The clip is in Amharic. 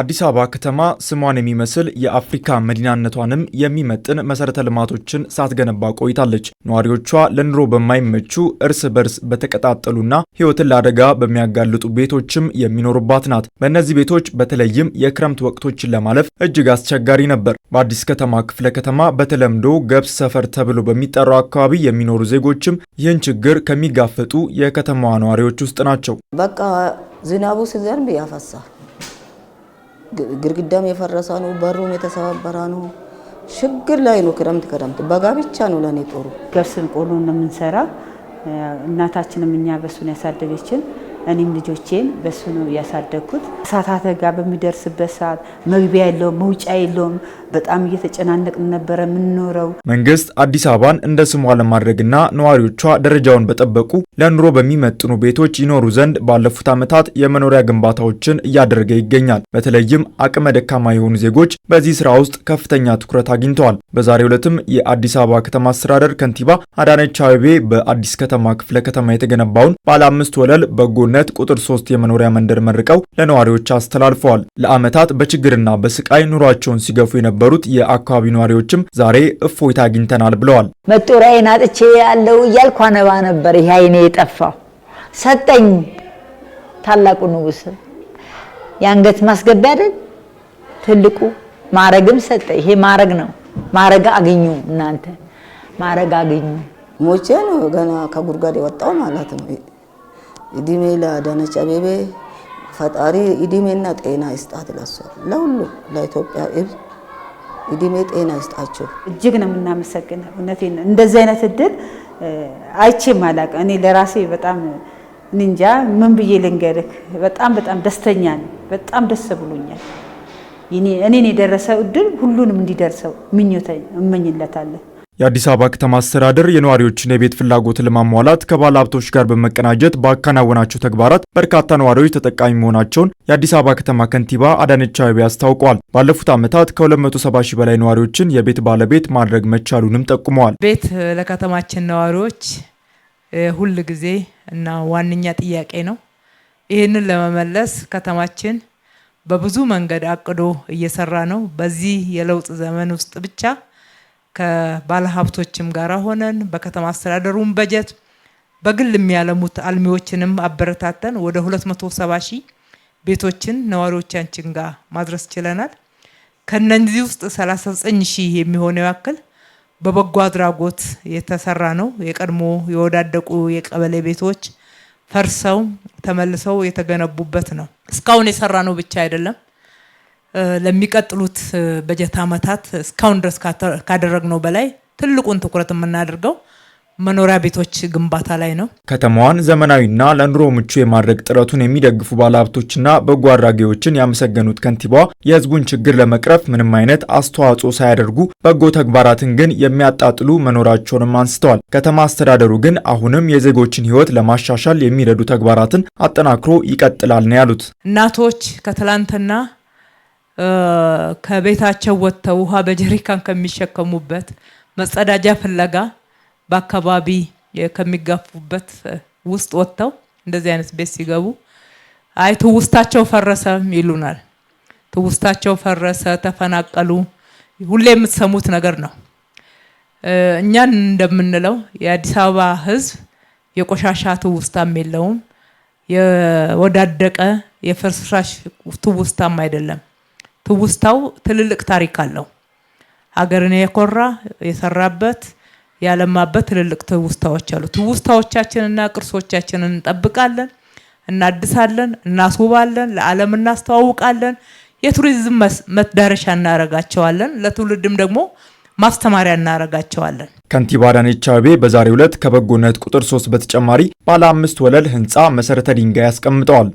አዲስ አበባ ከተማ ስሟን የሚመስል የአፍሪካ መዲናነቷንም የሚመጥን መሰረተ ልማቶችን ሳትገነባ ቆይታለች። ነዋሪዎቿ ለኑሮ በማይመቹ እርስ በርስ በተቀጣጠሉና ሕይወትን ለአደጋ በሚያጋልጡ ቤቶችም የሚኖሩባት ናት። በእነዚህ ቤቶች በተለይም የክረምት ወቅቶችን ለማለፍ እጅግ አስቸጋሪ ነበር። በአዲስ ከተማ ክፍለ ከተማ በተለምዶ ገብስ ሰፈር ተብሎ በሚጠራው አካባቢ የሚኖሩ ዜጎችም ይህን ችግር ከሚጋፈጡ የከተማዋ ነዋሪዎች ውስጥ ናቸው። በቃ ዝናቡ ሲዘንብ ያፈሳል ግድግዳም የፈረሰ ነው፣ በሩም የተሰባበረ ነው። ችግር ላይ ነው። ክረምት ክረምት በጋ ብቻ ነው ለእኔ ጦሩ። ገብስን ቆሎ ነው የምንሰራ። እናታችንም እኛ በሱን ያሳደገችን እኔም ልጆቼም በሱ ነው ያሳደግኩት። እሳት አደጋ በሚደርስበት ሰዓት መግቢያ የለውም መውጫ የለውም። በጣም እየተጨናነቅን ነበረ የምንኖረው። መንግስት አዲስ አበባን እንደ ስሟ ለማድረግና ነዋሪዎቿ ደረጃውን በጠበቁ ለኑሮ በሚመጥኑ ቤቶች ይኖሩ ዘንድ ባለፉት ዓመታት የመኖሪያ ግንባታዎችን እያደረገ ይገኛል። በተለይም አቅመ ደካማ የሆኑ ዜጎች በዚህ ስራ ውስጥ ከፍተኛ ትኩረት አግኝተዋል። በዛሬው ዕለትም የአዲስ አበባ ከተማ አስተዳደር ከንቲባ አዳነች አቤቤ በአዲስ ከተማ ክፍለ ከተማ የተገነባውን ባለ አምስት ወለል በጎ ጦርነት ቁጥር ሶስት የመኖሪያ መንደር መርቀው ለነዋሪዎች አስተላልፈዋል። ለዓመታት በችግርና በስቃይ ኑሯቸውን ሲገፉ የነበሩት የአካባቢው ነዋሪዎችም ዛሬ እፎይታ አግኝተናል ብለዋል። መጦሪያዬን አጥቼ ያለው እያልኳ ነባ ነበር። ይህ አይኔ የጠፋው ሰጠኝ ታላቁ ንጉሥ የአንገት ማስገቢያ አይደል ትልቁ ማረግም ሰጠ። ይሄ ማረግ ነው። ማረግ አግኙ እናንተ ማረግ አግኙ። ሞቼ ነው ገና ከጉድጓድ የወጣው ማለት ነው። እድሜ ለአዳነች አቤቤ ፈጣሪ እድሜና ጤና ይስጣት። ለሷ ለሁሉ ለኢትዮጵያ ሕዝብ እድሜ ጤና ይስጣቸው። እጅግ ነው የምናመሰግነው። እውነቴን እንደዚህ አይነት እድል አይቼም አላውቅም። እኔ ለራሴ በጣም እንጃ ምን ብዬ ልንገርህ። በጣም በጣም ደስተኛ ነኝ። በጣም ደስ ብሎኛል። እኔን የደረሰው እድል ሁሉንም እንዲደርሰው ምኞቴ እመኝለታለሁ። የአዲስ አበባ ከተማ አስተዳደር የነዋሪዎችን የቤት ፍላጎት ለማሟላት ከባለ ሀብቶች ጋር በመቀናጀት ባከናወናቸው ተግባራት በርካታ ነዋሪዎች ተጠቃሚ መሆናቸውን የአዲስ አበባ ከተማ ከንቲባ አዳነች አቤቤ አስታውቋል። ባለፉት ዓመታት ከ270 ሺህ በላይ ነዋሪዎችን የቤት ባለቤት ማድረግ መቻሉንም ጠቁመዋል። ቤት ለከተማችን ነዋሪዎች ሁል ጊዜ እና ዋነኛ ጥያቄ ነው። ይህንን ለመመለስ ከተማችን በብዙ መንገድ አቅዶ እየሰራ ነው። በዚህ የለውጥ ዘመን ውስጥ ብቻ ከባለሀብቶችም ጋር ሆነን በከተማ አስተዳደሩን በጀት በግል የሚያለሙት አልሚዎችንም አበረታተን ወደ 270 ሺህ ቤቶችን ነዋሪዎቻችን ጋር ማድረስ ችለናል። ከነዚህ ውስጥ 39 ሺህ የሚሆነው ያክል በበጎ አድራጎት የተሰራ ነው። የቀድሞ የወዳደቁ የቀበሌ ቤቶች ፈርሰው ተመልሰው የተገነቡበት ነው። እስካሁን የሰራ ነው ብቻ አይደለም ለሚቀጥሉት በጀት ዓመታት እስካሁን ድረስ ካደረግነው በላይ ትልቁን ትኩረት የምናደርገው መኖሪያ ቤቶች ግንባታ ላይ ነው። ከተማዋን ዘመናዊና ለኑሮ ምቹ የማድረግ ጥረቱን የሚደግፉ ባለሀብቶችና በጎ አድራጊዎችን ያመሰገኑት ከንቲባ የሕዝቡን ችግር ለመቅረፍ ምንም አይነት አስተዋጽኦ ሳያደርጉ በጎ ተግባራትን ግን የሚያጣጥሉ መኖራቸውንም አንስተዋል። ከተማ አስተዳደሩ ግን አሁንም የዜጎችን ሕይወት ለማሻሻል የሚረዱ ተግባራትን አጠናክሮ ይቀጥላል ነው ያሉት። እናቶች ከትላንትና ከቤታቸው ወጥተው ውሃ በጀሪካን ከሚሸከሙበት መጸዳጃ ፍለጋ በአካባቢ ከሚጋፉበት ውስጥ ወጥተው እንደዚህ አይነት ቤት ሲገቡ አይ ትውስታቸው ፈረሰ ይሉናል። ትውስታቸው ፈረሰ፣ ተፈናቀሉ፣ ሁሌ የምትሰሙት ነገር ነው። እኛን እንደምንለው የአዲስ አበባ ሕዝብ የቆሻሻ ትውስታም የለውም። የወዳደቀ የፍርስራሽ ትውስታም አይደለም። ትውስታው ትልልቅ ታሪክ አለው። ሀገርን የኮራ የሰራበት ያለማበት ትልልቅ ትውስታዎች አሉ። ትውስታዎቻችንና ቅርሶቻችንን እንጠብቃለን፣ እናድሳለን፣ እናስውባለን፣ ለዓለም እናስተዋውቃለን፣ የቱሪዝም መዳረሻ እናረጋቸዋለን። ለትውልድም ደግሞ ማስተማሪያ እናረጋቸዋለን። ከንቲባ አዳነች አቤቤ በዛሬው ዕለት ከበጎነት ቁጥር ሶስት በተጨማሪ ባለ አምስት ወለል ህንፃ መሰረተ ድንጋይ አስቀምጠዋል።